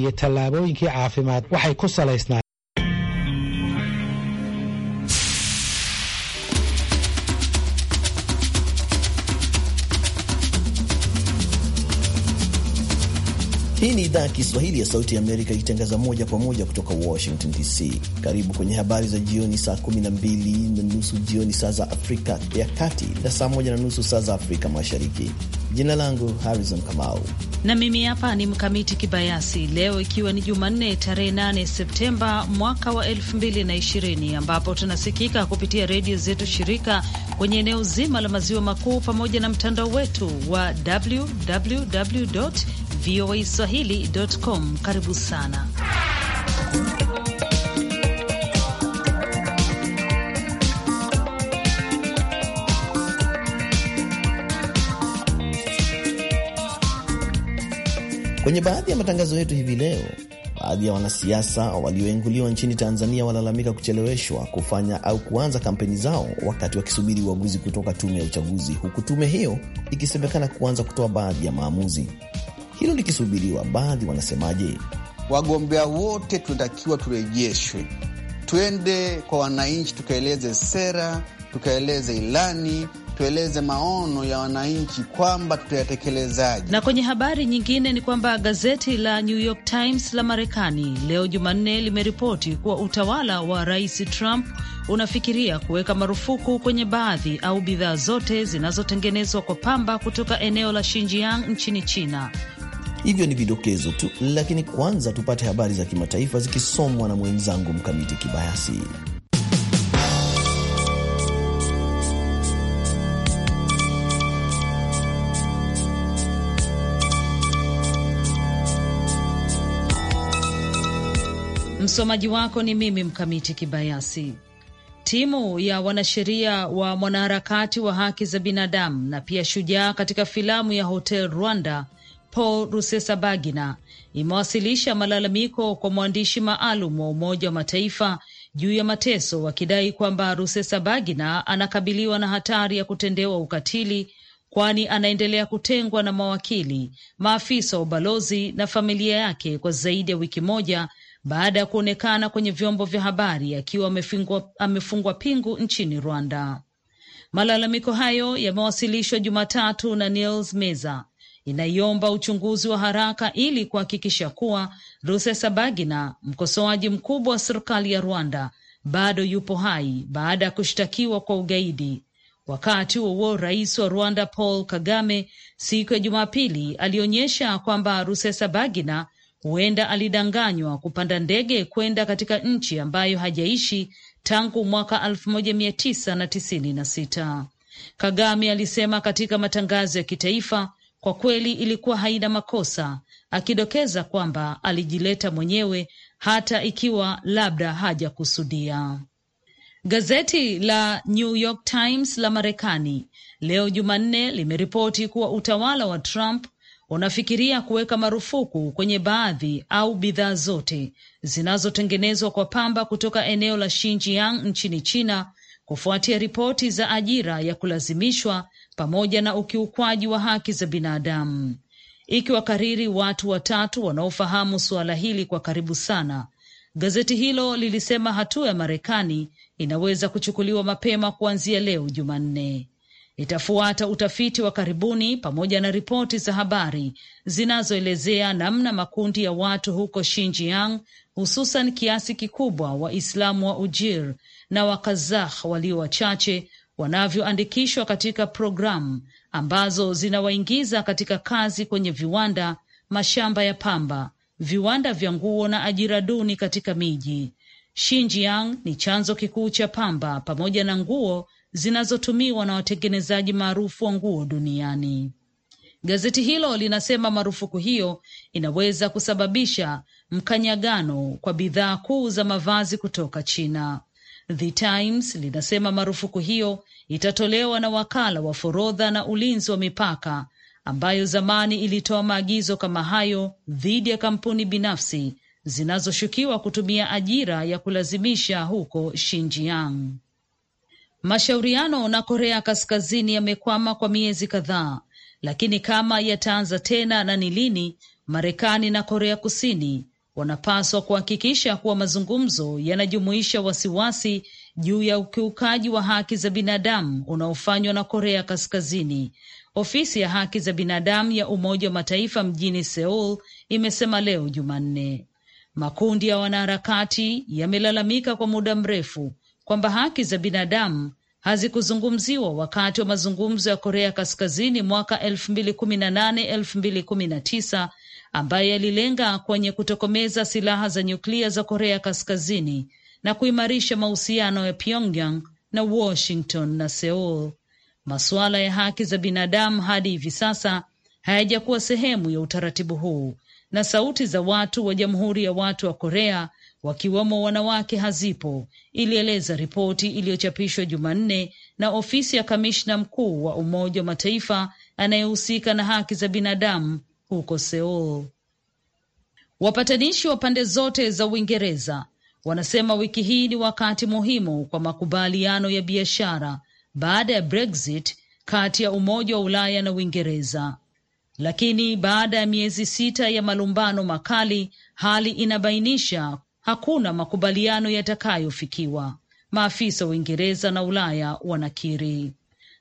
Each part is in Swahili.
iyo tallaabooyinkii caafimaad waxay ku salaysnaa idhaa ya Kiswahili ya Sauti ya Amerika ikitangaza moja kwa moja kutoka Washington DC. Karibu kwenye habari za jioni, saa 12 na nusu jioni saa za Afrika ya Kati na saa 1 na nusu saa za Afrika Mashariki. Jina langu Harrison Kamau na mimi hapa ni Mkamiti Kibayasi. Leo ikiwa ni Jumanne tarehe 8 Septemba mwaka wa 2020 ambapo tunasikika kupitia redio zetu shirika kwenye eneo zima la maziwa makuu pamoja na mtandao wetu wa www VOA Swahili.com. Karibu sana. Kwenye baadhi ya matangazo yetu hivi leo, baadhi ya wanasiasa walioenguliwa nchini Tanzania walalamika kucheleweshwa kufanya au kuanza kampeni zao wakati wakisubiri uaguzi kutoka tume ya uchaguzi, huku tume hiyo ikisemekana kuanza kutoa baadhi ya maamuzi hilo likisubiriwa, baadhi wanasemaje? Wagombea wote tunatakiwa turejeshwe, tuende kwa wananchi, tukaeleze sera, tukaeleze ilani tueleze maono ya wananchi kwamba tutayatekelezaje. Na kwenye habari nyingine ni kwamba gazeti la New York Times la Marekani leo Jumanne limeripoti kuwa utawala wa Rais Trump unafikiria kuweka marufuku kwenye baadhi au bidhaa zote zinazotengenezwa kwa pamba kutoka eneo la Xinjiang nchini China Hivyo ni vidokezo tu, lakini kwanza tupate habari za kimataifa zikisomwa na mwenzangu Mkamiti Kibayasi. Msomaji wako ni mimi Mkamiti Kibayasi. Timu ya wanasheria wa mwanaharakati wa haki za binadamu na pia shujaa katika filamu ya Hotel Rwanda Paul Rusesabagina imewasilisha malalamiko kwa mwandishi maalum wa Umoja wa Mataifa juu ya mateso, wakidai kwamba Rusesabagina anakabiliwa na hatari ya kutendewa ukatili, kwani anaendelea kutengwa na mawakili, maafisa wa ubalozi na familia yake kwa zaidi ya wiki moja baada ya kuonekana kwenye vyombo vya habari akiwa amefungwa pingu nchini Rwanda. Malalamiko hayo yamewasilishwa Jumatatu na Nils Meza, inaiomba uchunguzi wa haraka ili kuhakikisha kuwa Rusesabagina, mkosoaji mkubwa wa serikali ya Rwanda, bado yupo hai baada ya kushtakiwa kwa ugaidi. Wakati huo rais wa Rwanda Paul Kagame siku ya Jumapili alionyesha kwamba Rusesabagina huenda alidanganywa kupanda ndege kwenda katika nchi ambayo hajaishi tangu mwaka 1996. Kagame alisema katika matangazo ya kitaifa kwa kweli ilikuwa haina makosa, akidokeza kwamba alijileta mwenyewe hata ikiwa labda hajakusudia. Gazeti la New York Times la Marekani leo Jumanne limeripoti kuwa utawala wa Trump unafikiria kuweka marufuku kwenye baadhi au bidhaa zote zinazotengenezwa kwa pamba kutoka eneo la Xinjiang nchini China kufuatia ripoti za ajira ya kulazimishwa pamoja na ukiukwaji wa haki za binadamu, ikiwakariri watu watatu wanaofahamu suala hili kwa karibu sana. Gazeti hilo lilisema hatua ya Marekani inaweza kuchukuliwa mapema kuanzia leo Jumanne. Itafuata utafiti wa karibuni pamoja na ripoti za habari zinazoelezea namna makundi ya watu huko Xinjiang, hususan kiasi kikubwa Waislamu wa Ujir na Wakazakh walio wachache wanavyoandikishwa katika programu ambazo zinawaingiza katika kazi kwenye viwanda, mashamba ya pamba, viwanda vya nguo na ajira duni katika miji. Xinjiang ni chanzo kikuu cha pamba pamoja na nguo zinazotumiwa na watengenezaji maarufu wa nguo duniani. Gazeti hilo linasema marufuku hiyo inaweza kusababisha mkanyagano kwa bidhaa kuu za mavazi kutoka China. The Times linasema marufuku hiyo itatolewa na wakala wa forodha na ulinzi wa mipaka ambayo zamani ilitoa maagizo kama hayo dhidi ya kampuni binafsi zinazoshukiwa kutumia ajira ya kulazimisha huko Xinjiang. Mashauriano na Korea Kaskazini yamekwama kwa miezi kadhaa, lakini kama yataanza tena na ni lini, Marekani na Korea Kusini wanapaswa kuhakikisha kuwa mazungumzo yanajumuisha wasiwasi juu ya ukiukaji wa haki za binadamu unaofanywa na Korea Kaskazini. Ofisi ya haki za binadamu ya Umoja wa Mataifa mjini Seoul imesema leo Jumanne. Makundi ya wanaharakati yamelalamika kwa muda mrefu kwamba haki za binadamu hazikuzungumziwa wakati wa mazungumzo ya Korea Kaskazini mwaka 2018 ambaye alilenga kwenye kutokomeza silaha za nyuklia za Korea Kaskazini na kuimarisha mahusiano ya Pyongyang na Washington na Seoul. Masuala ya haki za binadamu hadi hivi sasa hayajakuwa sehemu ya utaratibu huu, na sauti za watu wa Jamhuri ya Watu wa Korea wakiwemo wanawake hazipo, ilieleza ripoti iliyochapishwa Jumanne na ofisi ya kamishna mkuu wa Umoja wa Mataifa anayehusika na haki za binadamu huko Seoul. Wapatanishi wa pande zote za Uingereza wanasema wiki hii ni wakati muhimu kwa makubaliano ya biashara baada ya Brexit kati ya Umoja wa Ulaya na Uingereza. Lakini baada ya miezi sita ya malumbano makali, hali inabainisha hakuna makubaliano yatakayofikiwa, maafisa wa Uingereza na Ulaya wanakiri.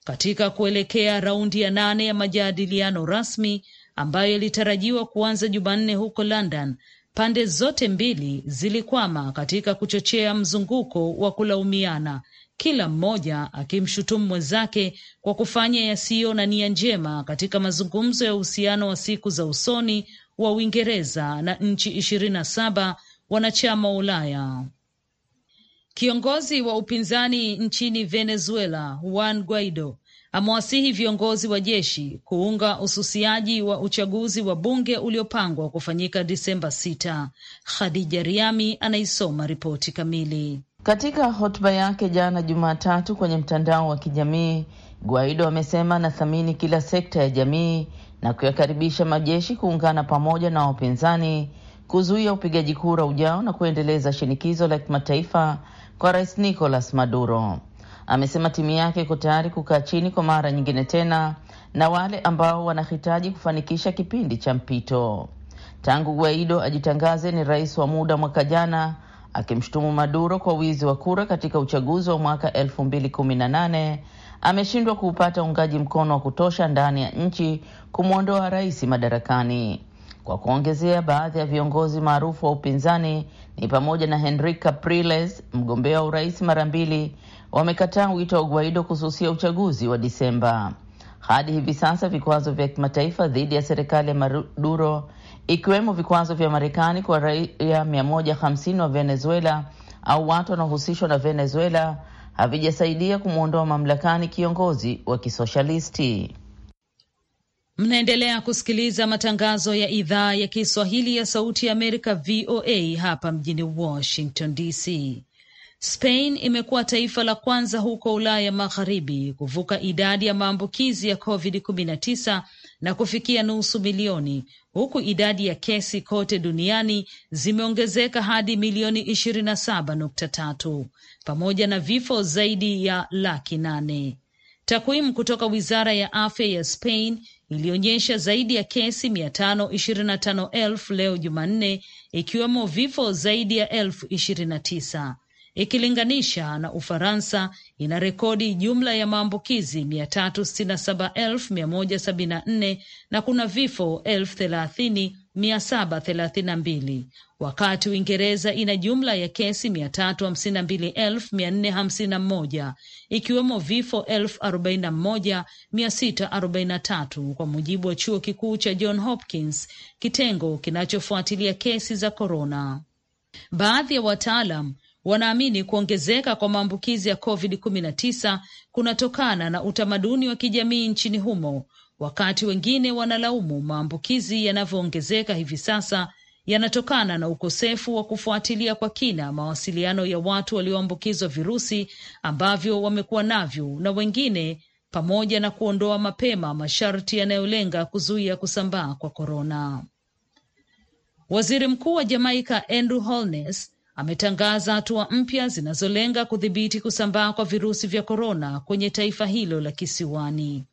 Katika kuelekea raundi ya nane ya majadiliano rasmi, ambayo ilitarajiwa kuanza Jumanne huko London, pande zote mbili zilikwama katika kuchochea mzunguko wa kulaumiana, kila mmoja akimshutumu mwenzake kwa kufanya yasiyo na nia njema katika mazungumzo ya uhusiano wa siku za usoni wa Uingereza na nchi ishirini na saba wanachama wa Ulaya. Kiongozi wa upinzani nchini Venezuela Juan Guaido amewasihi viongozi wa jeshi kuunga ususiaji wa uchaguzi wa bunge uliopangwa kufanyika Disemba 6. Khadija Riami anaisoma ripoti kamili. Katika hotuba yake jana Jumatatu kwenye mtandao wa kijamii, Guaido amesema anathamini kila sekta ya jamii na kuyakaribisha majeshi kuungana pamoja na wapinzani kuzuia upigaji kura ujao na kuendeleza shinikizo la kimataifa kwa Rais Nicolas Maduro amesema timu yake iko tayari kukaa chini kwa mara nyingine tena na wale ambao wanahitaji kufanikisha kipindi cha mpito. Tangu Guaido ajitangaze ni rais wa muda mwaka jana, akimshutumu Maduro kwa wizi wa kura katika uchaguzi wa mwaka 218 ameshindwa kuupata uungaji mkono wa kutosha ndani ya nchi kumwondoa rais madarakani. Kwa kuongezea, baadhi ya viongozi maarufu wa upinzani ni pamoja na henri Capriles, mgombea wa urais mara mbili, wamekataa wito wa Guaido kususia uchaguzi wa Disemba. Hadi hivi sasa vikwazo vya kimataifa dhidi ya serikali ya Maduro, ikiwemo vikwazo vya Marekani kwa raia 150 wa Venezuela au watu wanaohusishwa na Venezuela, havijasaidia kumwondoa mamlakani kiongozi wa kisoshalisti. Mnaendelea kusikiliza matangazo ya idhaa ya Kiswahili ya Sauti ya Amerika, VOA, hapa mjini Washington DC. Spain imekuwa taifa la kwanza huko Ulaya Magharibi kuvuka idadi ya maambukizi ya COVID-19 na kufikia nusu milioni, huku idadi ya kesi kote duniani zimeongezeka hadi milioni 27.3 pamoja na vifo zaidi ya laki nane. Takwimu kutoka wizara ya afya ya Spain ilionyesha zaidi ya kesi 525,000 leo Jumanne, ikiwemo vifo zaidi ya elfu 29 ikilinganisha na Ufaransa ina rekodi jumla ya maambukizi 367,174 na kuna vifo 30,732 wakati Uingereza ina jumla ya kesi 352,451 ikiwemo vifo 41,643 kwa mujibu wa chuo kikuu cha John Hopkins, kitengo kinachofuatilia kesi za korona. Baadhi ya wataalam wanaamini kuongezeka kwa maambukizi ya COVID-19 kunatokana na utamaduni wa kijamii nchini humo, wakati wengine wanalaumu maambukizi yanavyoongezeka hivi sasa yanatokana na ukosefu wa kufuatilia kwa kina mawasiliano ya watu walioambukizwa virusi ambavyo wamekuwa navyo na wengine pamoja na kuondoa mapema masharti yanayolenga kuzuia kusambaa kwa korona. Waziri Mkuu wa Jamaika Andrew Holness ametangaza hatua mpya zinazolenga kudhibiti kusambaa kwa virusi vya korona kwenye taifa hilo la kisiwani.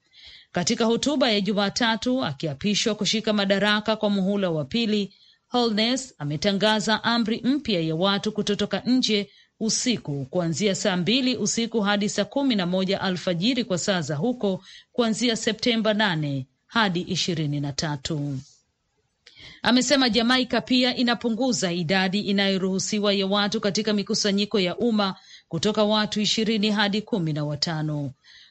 Katika hotuba ya Jumatatu akiapishwa kushika madaraka kwa muhula wa pili, Holness ametangaza amri mpya ya watu kutotoka nje usiku kuanzia saa mbili usiku hadi saa kumi na moja alfajiri kwa saa za huko, kuanzia Septemba nane hadi ishirini na tatu. Amesema Jamaika pia inapunguza idadi inayoruhusiwa ya watu katika mikusanyiko ya umma kutoka watu ishirini hadi kumi na watano.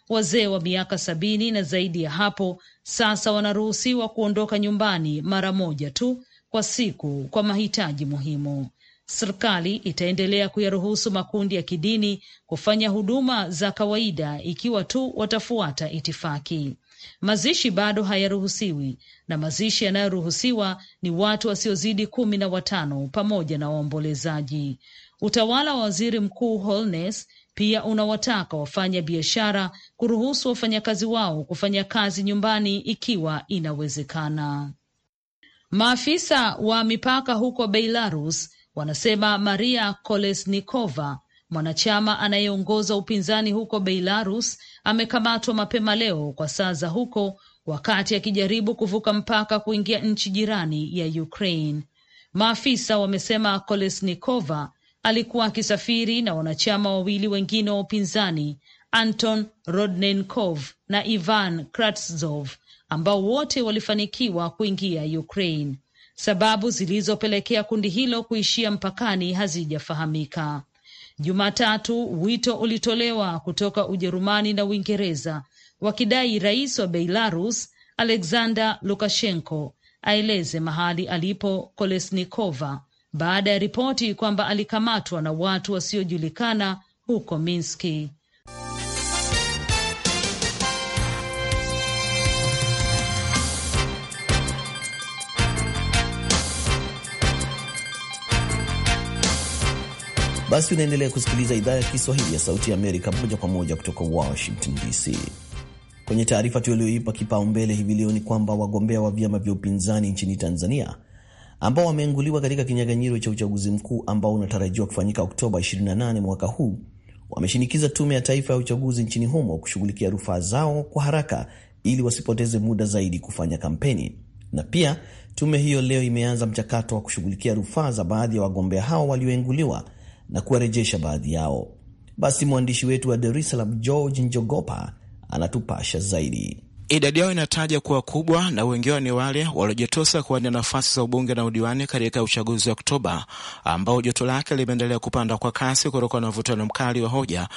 Wazee wa miaka sabini na zaidi ya hapo sasa wanaruhusiwa kuondoka nyumbani mara moja tu kwa siku kwa mahitaji muhimu. Serikali itaendelea kuyaruhusu makundi ya kidini kufanya huduma za kawaida ikiwa tu watafuata itifaki. Mazishi bado hayaruhusiwi na mazishi yanayoruhusiwa ni watu wasiozidi kumi na watano pamoja na waombolezaji. Utawala wa waziri mkuu Holness pia unawataka wafanya biashara kuruhusu wafanyakazi wao kufanya kazi nyumbani ikiwa inawezekana. Maafisa wa mipaka huko Belarus wanasema Maria Kolesnikova Mwanachama anayeongoza upinzani huko Belarus amekamatwa mapema leo kwa saa za huko, wakati akijaribu kuvuka mpaka kuingia nchi jirani ya Ukraine. Maafisa wamesema Kolesnikova alikuwa akisafiri na wanachama wawili wengine wa upinzani Anton Rodnenkov na Ivan kratzov ambao wote walifanikiwa kuingia Ukraine. Sababu zilizopelekea kundi hilo kuishia mpakani hazijafahamika. Jumatatu wito ulitolewa kutoka Ujerumani na Uingereza wakidai rais wa Belarus Alexander Lukashenko aeleze mahali alipo Kolesnikova baada ya ripoti kwamba alikamatwa na watu wasiojulikana huko Minski. Basi unaendelea kusikiliza idhaa ya Kiswahili ya Sauti ya Amerika moja kwa moja kutoka Washington DC. Kwenye taarifa tuliyoipa kipaumbele hivi leo ni kwamba wagombea wa vyama vya upinzani nchini Tanzania ambao wameenguliwa katika kinyang'anyiro cha uchaguzi mkuu ambao unatarajiwa kufanyika Oktoba 28 mwaka huu wameshinikiza Tume ya Taifa ya Uchaguzi nchini humo kushughulikia rufaa zao kwa haraka ili wasipoteze muda zaidi kufanya kampeni. Na pia tume hiyo leo imeanza mchakato wa kushughulikia rufaa za baadhi ya wagombea hao walioenguliwa na kuwarejesha baadhi yao. Basi mwandishi wetu wa Dar es Salaam George Njogopa anatupasha zaidi. Idadi yao inataja kuwa kubwa na wengi wao ni wale waliojitosa kuwania nafasi za ubunge na udiwani katika uchaguzi wa Oktoba ambao joto lake limeendelea kupanda kwa kasi kutokana na mvutano mkali wa hoja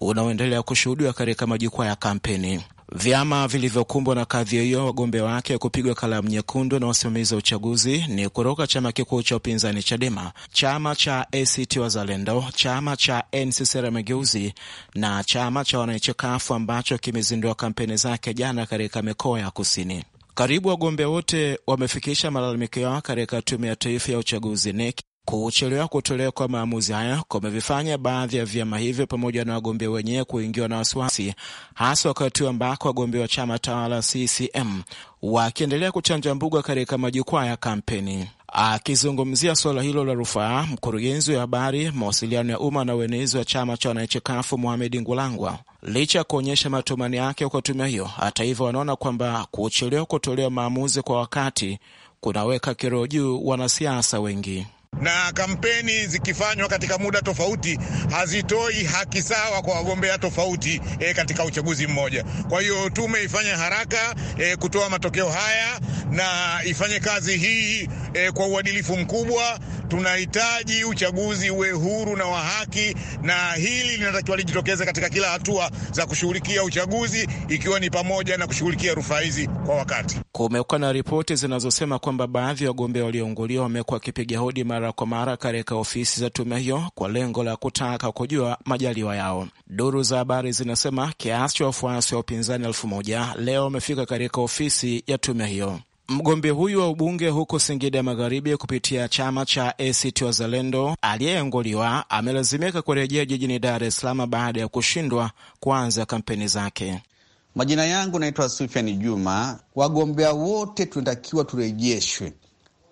unaoendelea kushuhudiwa katika majukwaa ya kampeni. Vyama vilivyokumbwa na kadhi hiyo wagombea wake kupigwa kalamu nyekundu na wasimamizi wa uchaguzi ni kutoka chama kikuu cha upinzani Chadema, chama cha ACT Wazalendo, chama cha NCCR Mageuzi na chama cha wananchi ambacho kimezindua kampeni zake jana katika mikoa ya kusini. Karibu wagombea wote wamefikisha malalamiko yao katika Tume ya Taifa ya Uchaguzi NEC Kuchelewa kutolewa kwa maamuzi haya kumevifanya baadhi ya vyama hivyo pamoja na wagombea wenyewe kuingiwa na wasiwasi, hasa wakati ambako wagombea wa chama tawala CCM wakiendelea kuchanja mbuga katika majukwaa ya kampeni. Akizungumzia suala hilo la rufaa, mkurugenzi wa habari, mawasiliano ya umma na uenezi wa chama cha wananchi Kafu, Mohamed Ngulangwa, licha ya kuonyesha matumani yake kwa tume hiyo, hata hivyo, wanaona kwamba kuchelewa kutolewa maamuzi kwa wakati kunaweka kero juu wanasiasa wengi na kampeni zikifanywa katika muda tofauti hazitoi haki sawa kwa wagombea tofauti e, katika uchaguzi mmoja. Kwa hiyo tume ifanye haraka e, kutoa matokeo haya na ifanye kazi hii e, kwa uadilifu mkubwa tunahitaji uchaguzi uwe huru na wa haki, na hili linatakiwa lijitokeze katika kila hatua za kushughulikia uchaguzi, ikiwa ni pamoja na kushughulikia rufaa hizi kwa wakati. Kumekuwa na ripoti zinazosema kwamba baadhi ya wagombea waliounguliwa wamekuwa wakipiga hodi mara kwa mara katika ofisi za tume hiyo kwa lengo la kutaka kujua majaliwa yao. Duru za habari zinasema kiasi cha wafuasi wa upinzani elfu moja leo wamefika katika ofisi ya tume hiyo. Mgombea huyu wa ubunge huko Singida Magharibi kupitia chama cha ACT Wazalendo aliyeanguliwa amelazimika kurejea jijini Dar es Salaam baada ya kushindwa kuanza kampeni zake. Majina yangu naitwa Sufian Juma. Wagombea wote tunatakiwa turejeshwe,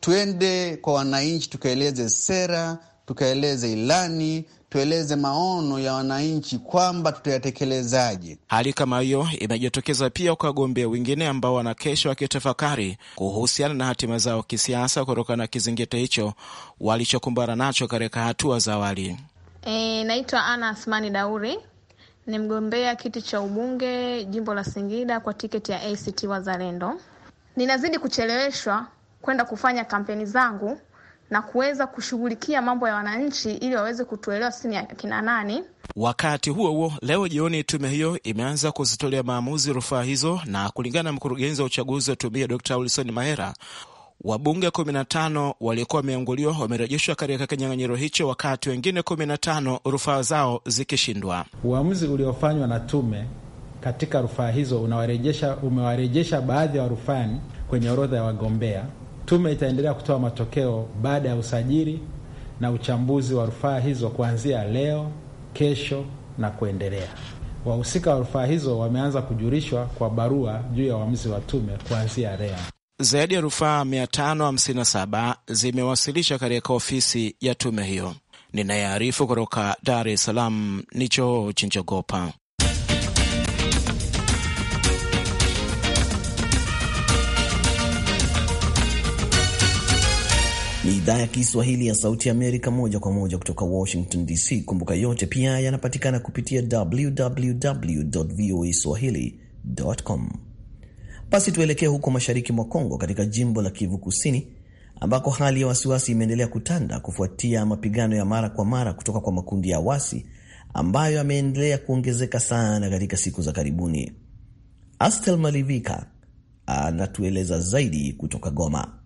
tuende kwa wananchi, tukaeleze sera, tukaeleze ilani tueleze maono ya wananchi kwamba tutayatekelezaje. Hali kama hiyo imejitokeza pia kwa wagombea wengine ambao wanakesha wakitafakari kuhusiana na hatima zao kisiasa kutokana na kizingiti hicho walichokumbana nacho katika hatua za awali. E, naitwa Ana Asmani Dauri, ni mgombea kiti cha ubunge jimbo la Singida kwa tiketi ya ACT Wazalendo. Ninazidi kucheleweshwa kwenda kufanya kampeni zangu na kuweza kushughulikia mambo ya wananchi ili waweze kutuelewa sisi ni akina nani. Wakati huo huo, leo jioni tume hiyo imeanza kuzitolea maamuzi rufaa hizo, na kulingana na mkurugenzi wa uchaguzi wa tume Dr. Wilson Mahera, wabunge 15 waliokuwa wameanguliwa wamerejeshwa katika kinyang'anyiro hicho, wakati wengine 15 rufaa zao zikishindwa. Uamuzi uliofanywa na tume katika rufaa hizo unawarejesha umewarejesha baadhi ya wa warufani kwenye orodha ya wagombea Tume itaendelea kutoa matokeo baada ya usajili na uchambuzi wa rufaa hizo kuanzia leo, kesho na kuendelea. Wahusika wa rufaa hizo wameanza kujulishwa kwa barua juu ya uamuzi wa tume kuanzia leo. Zaidi ya rufaa 557 zimewasilisha katika ofisi ya tume hiyo. Ninayearifu kutoka Dar es Salaam ni Choo Chinjogopa. Ni idhaa ya Kiswahili ya Sauti ya Amerika, moja kwa moja kutoka Washington DC. Kumbuka yote pia yanapatikana kupitia www voa swahili.com. Basi tuelekee huko mashariki mwa Kongo, katika jimbo la Kivu Kusini, ambako hali ya wasiwasi imeendelea kutanda kufuatia mapigano ya mara kwa mara kutoka kwa makundi ya wasi ambayo yameendelea kuongezeka sana katika siku za karibuni. Astel Malivika anatueleza zaidi kutoka Goma.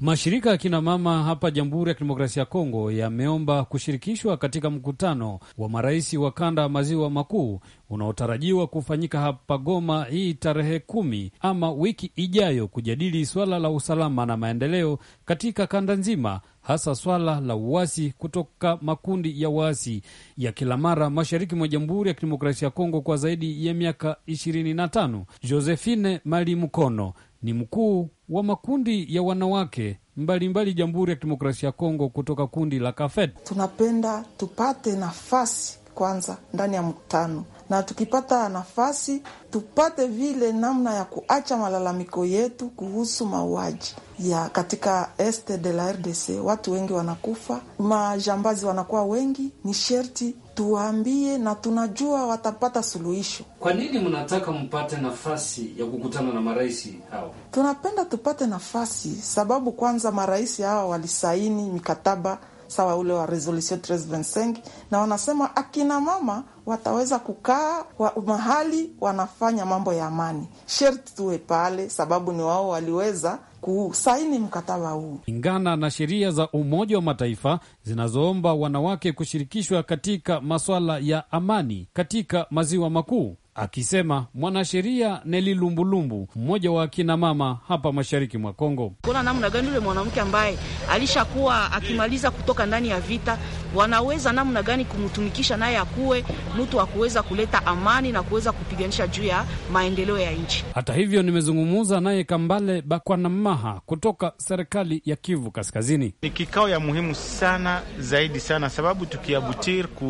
Mashirika ya kina mama hapa Jamhuri ya Kidemokrasia ya Kongo yameomba kushirikishwa katika mkutano wa marais wa kanda ya maziwa makuu unaotarajiwa kufanyika hapa Goma hii tarehe kumi ama wiki ijayo kujadili swala la usalama na maendeleo katika kanda nzima, hasa swala la uasi kutoka makundi ya waasi ya kila mara mashariki mwa Jamhuri ya Kidemokrasia ya Kongo kwa zaidi ya miaka ishirini na tano. Josephine Mali Mkono ni mkuu wa makundi ya wanawake mbalimbali Jamhuri ya Kidemokrasia ya Kongo kutoka kundi la Kafet. Tunapenda tupate nafasi kwanza ndani ya mkutano na tukipata nafasi tupate vile namna ya kuacha malalamiko yetu kuhusu mauaji ya katika este de la RDC. Watu wengi wanakufa, majambazi wanakuwa wengi, ni sherti tuwaambie, na tunajua watapata suluhisho. Kwa nini mnataka mpate nafasi ya kukutana na marais hao? Tunapenda tupate nafasi, sababu kwanza marais hawa walisaini mikataba sawa ule wa Resolution 1325 na wanasema akina mama wataweza kukaa wa mahali wanafanya mambo ya amani, sherti tuwe pale, sababu ni wao waliweza kusaini mkataba huu kulingana na sheria za Umoja wa Mataifa zinazoomba wanawake kushirikishwa katika maswala ya amani katika maziwa makuu akisema mwanasheria Neli Lumbulumbu, mmoja wa akina mama hapa mashariki mwa Kongo. Kuna namna gani yule mwanamke ambaye alishakuwa akimaliza kutoka ndani ya vita wanaweza namna gani kumtumikisha naye akuwe mtu wa kuweza kuleta amani na kuweza kupiganisha juu ya maendeleo ya nchi. Hata hivyo, nimezungumuza naye Kambale Bakwanamaha kutoka serikali ya Kivu Kaskazini. Ni kikao ya muhimu sana zaidi sana, sababu tukiabutir ku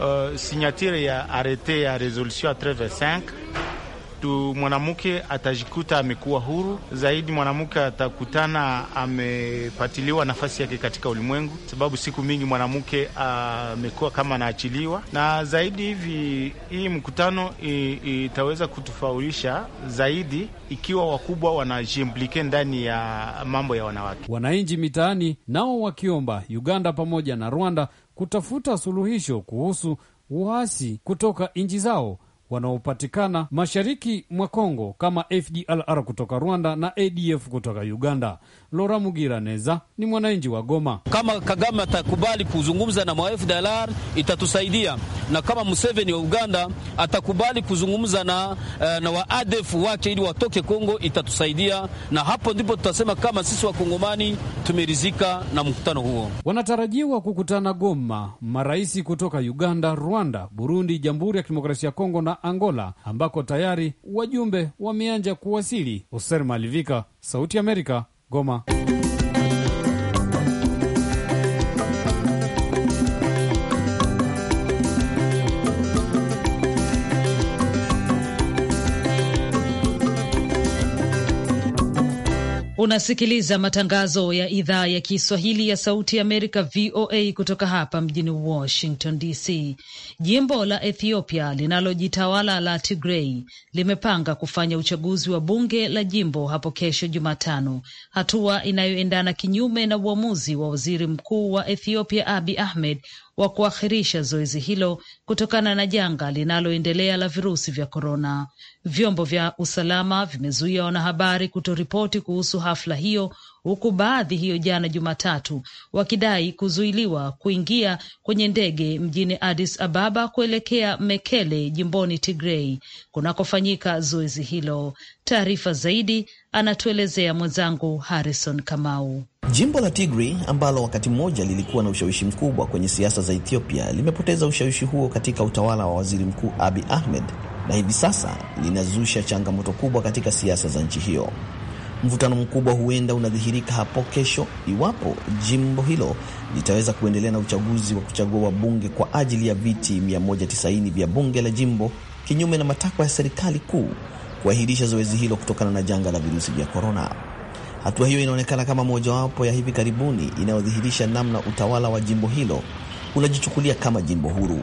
uh, sinyatire ya arete ya resolution ya 35 tu mwanamke atajikuta amekuwa huru zaidi, mwanamke atakutana amepatiliwa nafasi yake katika ulimwengu, sababu siku mingi mwanamke ah, amekuwa kama anaachiliwa na zaidi. Hivi hii mkutano itaweza kutufaulisha zaidi ikiwa wakubwa wanajimplike ndani ya mambo ya wanawake. Wananchi mitaani nao wakiomba Uganda pamoja na Rwanda kutafuta suluhisho kuhusu uasi kutoka nchi zao wanaopatikana mashariki mwa Kongo kama FDLR kutoka Rwanda na ADF kutoka Uganda. Lora Mugiraneza ni mwananchi wa Goma. Kama Kagame atakubali kuzungumza na FDLR itatusaidia, na kama Museveni wa Uganda atakubali kuzungumza na, eh, na wa ADF wake ili watoke Kongo itatusaidia, na hapo ndipo tutasema kama sisi Wakongomani tumerizika na mkutano huo. Wanatarajiwa kukutana Goma maraisi kutoka Uganda, Rwanda, Burundi, Jamhuri ya Kidemokrasia ya Kongo na Angola, ambako tayari wajumbe wameanja kuwasili. Hoser Malivika, Sauti Amerika, Goma. Unasikiliza matangazo ya idhaa ya Kiswahili ya Sauti Amerika, VOA, kutoka hapa mjini Washington DC. Jimbo la Ethiopia linalojitawala la Tigrei limepanga kufanya uchaguzi wa bunge la jimbo hapo kesho Jumatano, hatua inayoendana kinyume na uamuzi wa waziri mkuu wa Ethiopia Abi Ahmed wa kuakhirisha zoezi hilo kutokana na janga linaloendelea la virusi vya korona. Vyombo vya usalama vimezuia wanahabari kutoripoti kuhusu hafla hiyo huku baadhi hiyo jana Jumatatu wakidai kuzuiliwa kuingia kwenye ndege mjini Addis Ababa kuelekea Mekele jimboni Tigrei kunakofanyika zoezi hilo. Taarifa zaidi anatuelezea mwenzangu Harrison Kamau. Jimbo la tigri ambalo wakati mmoja lilikuwa na ushawishi mkubwa kwenye siasa za Ethiopia limepoteza ushawishi huo katika utawala wa waziri mkuu abi Ahmed na hivi sasa linazusha changamoto kubwa katika siasa za nchi hiyo. Mvutano mkubwa huenda unadhihirika hapo kesho iwapo jimbo hilo litaweza kuendelea na uchaguzi wa kuchagua wabunge kwa ajili ya viti 190 vya bunge la jimbo, kinyume na matakwa ya serikali kuu kuahirisha zoezi hilo kutokana na janga la virusi vya korona. Hatua hiyo inaonekana kama mojawapo ya hivi karibuni inayodhihirisha namna utawala wa jimbo hilo unajichukulia kama jimbo huru.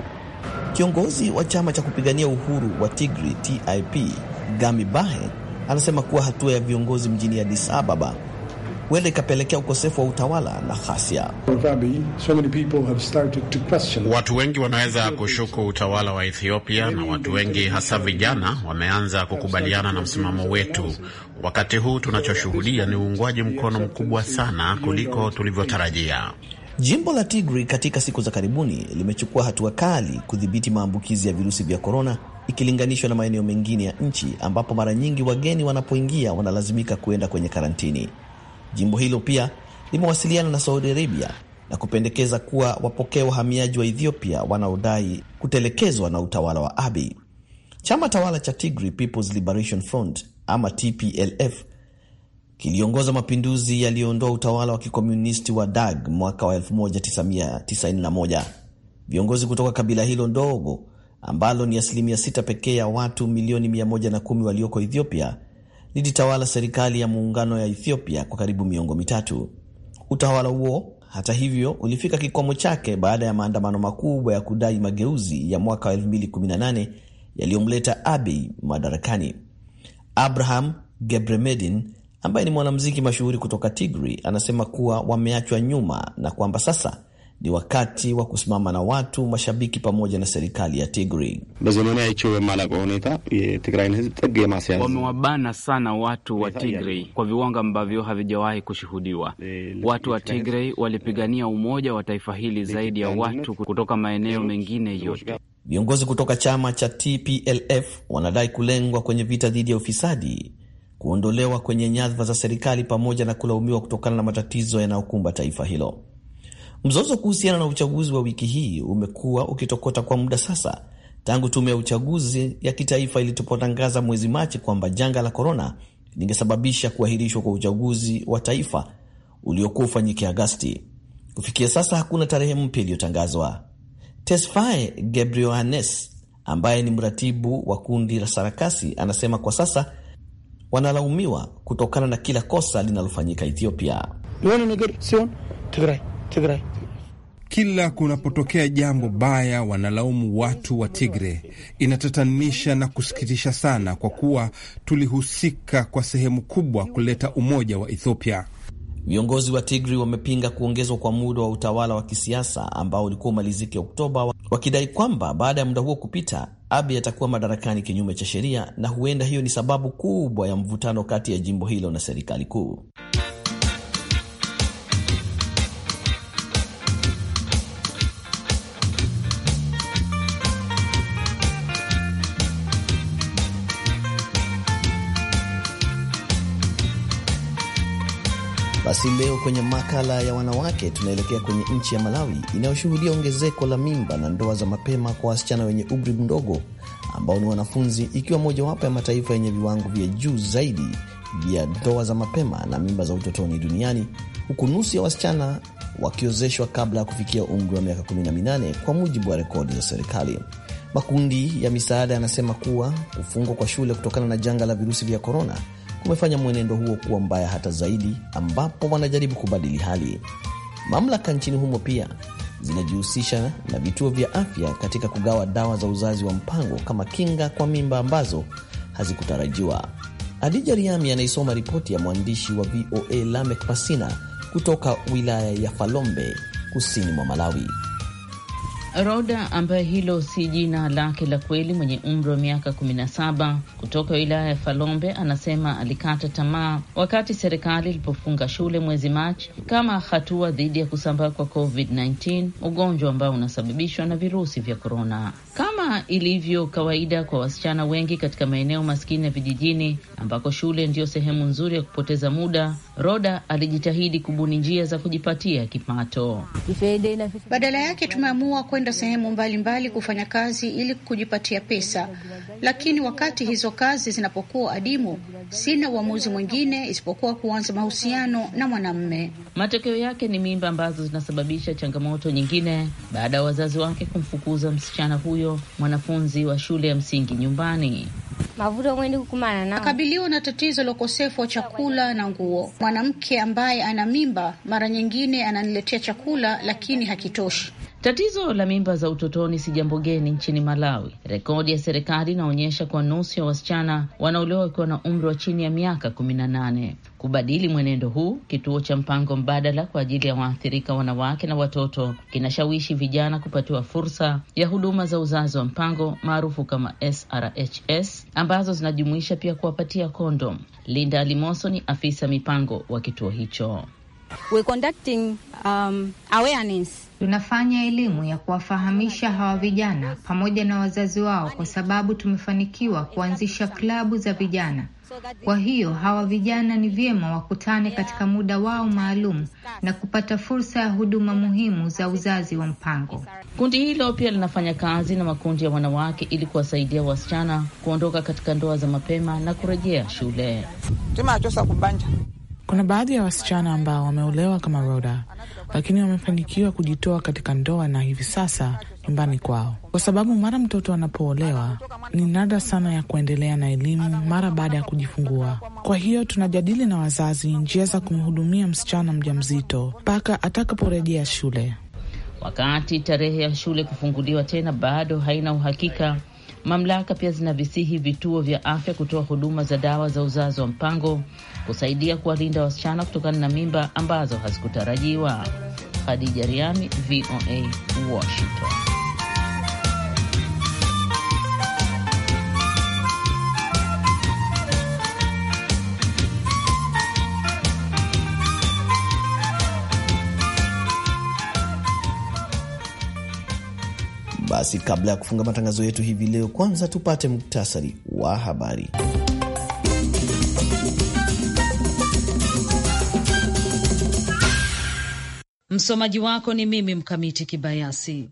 Kiongozi wa chama cha kupigania uhuru wa Tigri, TIP, Gami Bahe Anasema kuwa hatua ya viongozi mjini Addis Ababa huenda ikapelekea ukosefu wa utawala na ghasia. Watu wengi wanaweza kushuku utawala wa Ethiopia na watu wengi hasa vijana wameanza kukubaliana na msimamo wetu. Wakati huu tunachoshuhudia ni uungwaji mkono mkubwa sana kuliko tulivyotarajia. Jimbo la Tigri katika siku za karibuni limechukua hatua kali kudhibiti maambukizi ya virusi vya korona ikilinganishwa na maeneo mengine ya nchi ambapo mara nyingi wageni wanapoingia wanalazimika kuenda kwenye karantini. Jimbo hilo pia limewasiliana na Saudi Arabia na kupendekeza kuwa wapokee wahamiaji wa Ethiopia wanaodai kutelekezwa na utawala wa Abiy. Chama tawala cha Tigray People's Liberation Front ama TPLF kiliongoza mapinduzi yaliyoondoa utawala wa kikomunisti wa Dag mwaka wa 1991. Viongozi kutoka kabila hilo ndogo ambalo ni asilimia sita pekee ya watu milioni 11 walioko Ethiopia lilitawala serikali ya muungano ya Ethiopia kwa karibu miongo mitatu. Utawala huo hata hivyo ulifika kikomo chake baada ya maandamano makubwa ya kudai mageuzi ya mwaka wa 2018 yaliyomleta Abiy madarakani. Abraham Gebremedin ambaye ni mwanamuziki mashuhuri kutoka Tigray anasema kuwa wameachwa nyuma na kwamba sasa ni wakati wa kusimama na watu, mashabiki pamoja na serikali ya Tigray. Wamewabana sana watu wa Tigray kwa viwango ambavyo havijawahi kushuhudiwa. Watu wa Tigray walipigania umoja wa taifa hili zaidi ya watu kutoka maeneo mengine yote. Viongozi kutoka chama cha TPLF wanadai kulengwa kwenye vita dhidi ya ufisadi, kuondolewa kwenye nyadhifa za serikali pamoja na kulaumiwa kutokana na matatizo yanayokumba taifa hilo. Mzozo kuhusiana na uchaguzi wa wiki hii umekuwa ukitokota kwa muda sasa tangu tume ya uchaguzi ya kitaifa ilipotangaza mwezi Machi kwamba janga la korona lingesababisha kuahirishwa kwa uchaguzi wa taifa uliokuwa ufanyike Agasti. Kufikia sasa hakuna tarehe mpya iliyotangazwa. Tesfaye Gebreyohanes ambaye ni mratibu wa kundi la sarakasi anasema kwa sasa wanalaumiwa kutokana na kila kosa linalofanyika Ethiopia. Tigray, Tigray. Kila kunapotokea jambo baya wanalaumu watu wa Tigre. Inatatanisha na kusikitisha sana, kwa kuwa tulihusika kwa sehemu kubwa kuleta umoja wa Ethiopia. Viongozi wa Tigri wamepinga kuongezwa kwa muda wa utawala wa kisiasa ambao ulikuwa umalizike Oktoba, wakidai kwamba baada ya muda huo kupita, Abiy atakuwa madarakani kinyume cha sheria, na huenda hiyo ni sababu kubwa ya mvutano kati ya jimbo hilo na serikali kuu. Basi leo kwenye makala ya wanawake tunaelekea kwenye nchi ya Malawi inayoshuhudia ongezeko la mimba na ndoa za mapema kwa wasichana wenye umri mdogo ambao ni wanafunzi, ikiwa mojawapo ya mataifa yenye viwango vya juu zaidi vya ndoa za mapema na mimba za utotoni duniani, huku nusu ya wasichana wakiozeshwa kabla ya kufikia umri wa miaka 18 kwa mujibu wa rekodi za serikali. Makundi ya misaada yanasema kuwa kufungwa kwa shule kutokana na janga la virusi vya korona kumefanya mwenendo huo kuwa mbaya hata zaidi, ambapo wanajaribu kubadili hali. Mamlaka nchini humo pia zinajihusisha na vituo vya afya katika kugawa dawa za uzazi wa mpango kama kinga kwa mimba ambazo hazikutarajiwa. Adija Riami anaisoma ripoti ya mwandishi wa VOA Lamek Pasina kutoka wilaya ya Falombe kusini mwa Malawi. Roda ambaye hilo si jina lake la kweli, mwenye umri wa miaka 17 kutoka wilaya ya Falombe, anasema alikata tamaa wakati serikali ilipofunga shule mwezi Machi kama hatua dhidi ya kusambaa kwa COVID-19, ugonjwa ambao unasababishwa na virusi vya korona. Kama ilivyo kawaida kwa wasichana wengi katika maeneo maskini ya vijijini, ambako shule ndiyo sehemu nzuri ya kupoteza muda, Roda alijitahidi kubuni njia za kujipatia kipato. Badala yake tumeamua kwenda sehemu mbalimbali mbali kufanya kazi ili kujipatia pesa, lakini wakati hizo kazi zinapokuwa adimu, sina uamuzi mwingine isipokuwa kuanza mahusiano na mwanamme. Matokeo yake ni mimba ambazo zinasababisha changamoto nyingine, baada ya wazazi wake kumfukuza msichana huyo mwanafunzi wa shule ya msingi nyumbani mavuto mwendi kukumana nao. Akabiliwa na tatizo la ukosefu wa chakula na nguo. Mwanamke ambaye ana mimba mara nyingine ananiletea chakula, lakini hakitoshi. Tatizo la mimba za utotoni si jambo geni nchini Malawi. Rekodi ya serikali inaonyesha kwa nusu ya wasichana wanaolewa wakiwa na umri wa chini ya miaka kumi na nane. Kubadili mwenendo huu, kituo cha mpango mbadala kwa ajili ya waathirika wanawake na watoto kinashawishi vijana kupatiwa fursa ya huduma za uzazi wa mpango maarufu kama SRHS ambazo zinajumuisha pia kuwapatia kondom. Linda Alimoso ni afisa mipango wa kituo hicho. We're conducting, um, awareness. Tunafanya elimu ya kuwafahamisha hawa vijana pamoja na wazazi wao, kwa sababu tumefanikiwa kuanzisha klabu za vijana. Kwa hiyo hawa vijana ni vyema wakutane katika muda wao maalum na kupata fursa ya huduma muhimu za uzazi wa mpango. Kundi hilo pia linafanya kazi na makundi ya wanawake ili kuwasaidia wasichana kuondoka katika ndoa za mapema na kurejea shule. Kuna baadhi ya wasichana ambao wameolewa kama roda lakini wamefanikiwa kujitoa katika ndoa na hivi sasa nyumbani kwao, kwa sababu mara mtoto anapoolewa ni nada sana ya kuendelea na elimu mara baada ya kujifungua. Kwa hiyo tunajadili na wazazi njia za kumhudumia msichana mjamzito mpaka atakaporejea shule. Wakati tarehe ya shule kufunguliwa tena bado haina uhakika, Mamlaka pia zinavisihi vituo vya afya kutoa huduma za dawa za uzazi wa mpango kusaidia kuwalinda wasichana kutokana na mimba ambazo hazikutarajiwa. Khadija Riami, VOA, Washington. Basi kabla ya kufunga matangazo yetu hivi leo, kwanza tupate muktasari wa habari. Msomaji wako ni mimi Mkamiti Kibayasi.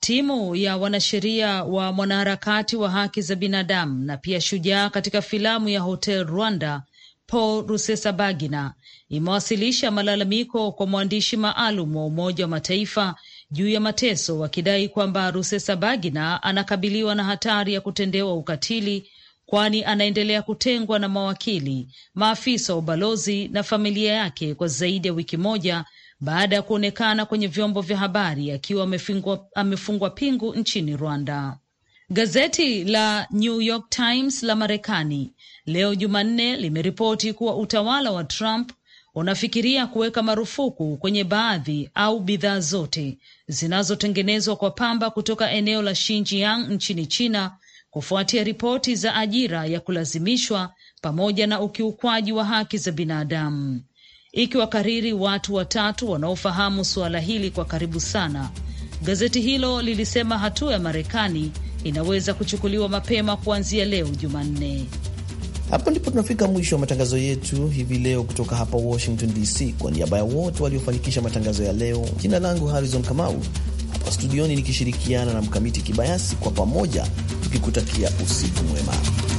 Timu ya wanasheria wa mwanaharakati wa haki za binadamu na pia shujaa katika filamu ya Hotel Rwanda Paul Rusesabagina imewasilisha malalamiko kwa mwandishi maalum wa Umoja wa Mataifa juu ya mateso, wakidai kwamba Rusesabagina anakabiliwa na hatari ya kutendewa ukatili kwani anaendelea kutengwa na mawakili, maafisa wa ubalozi na familia yake kwa zaidi ya wiki moja baada ya kuonekana kwenye vyombo vya habari akiwa amefungwa pingu nchini Rwanda. Gazeti la New York Times la Marekani leo Jumanne limeripoti kuwa utawala wa Trump unafikiria kuweka marufuku kwenye baadhi au bidhaa zote zinazotengenezwa kwa pamba kutoka eneo la Xinjiang nchini China kufuatia ripoti za ajira ya kulazimishwa pamoja na ukiukwaji wa haki za binadamu, ikiwakariri watu watatu wanaofahamu suala hili kwa karibu sana. Gazeti hilo lilisema hatua ya Marekani inaweza kuchukuliwa mapema kuanzia leo Jumanne. Hapo ndipo tunafika mwisho wa matangazo yetu hivi leo kutoka hapa Washington DC. Kwa niaba ya wote waliofanikisha matangazo ya leo, jina langu Harrison Kamau, hapa studioni nikishirikiana na Mkamiti Kibayasi, kwa pamoja tukikutakia usiku mwema.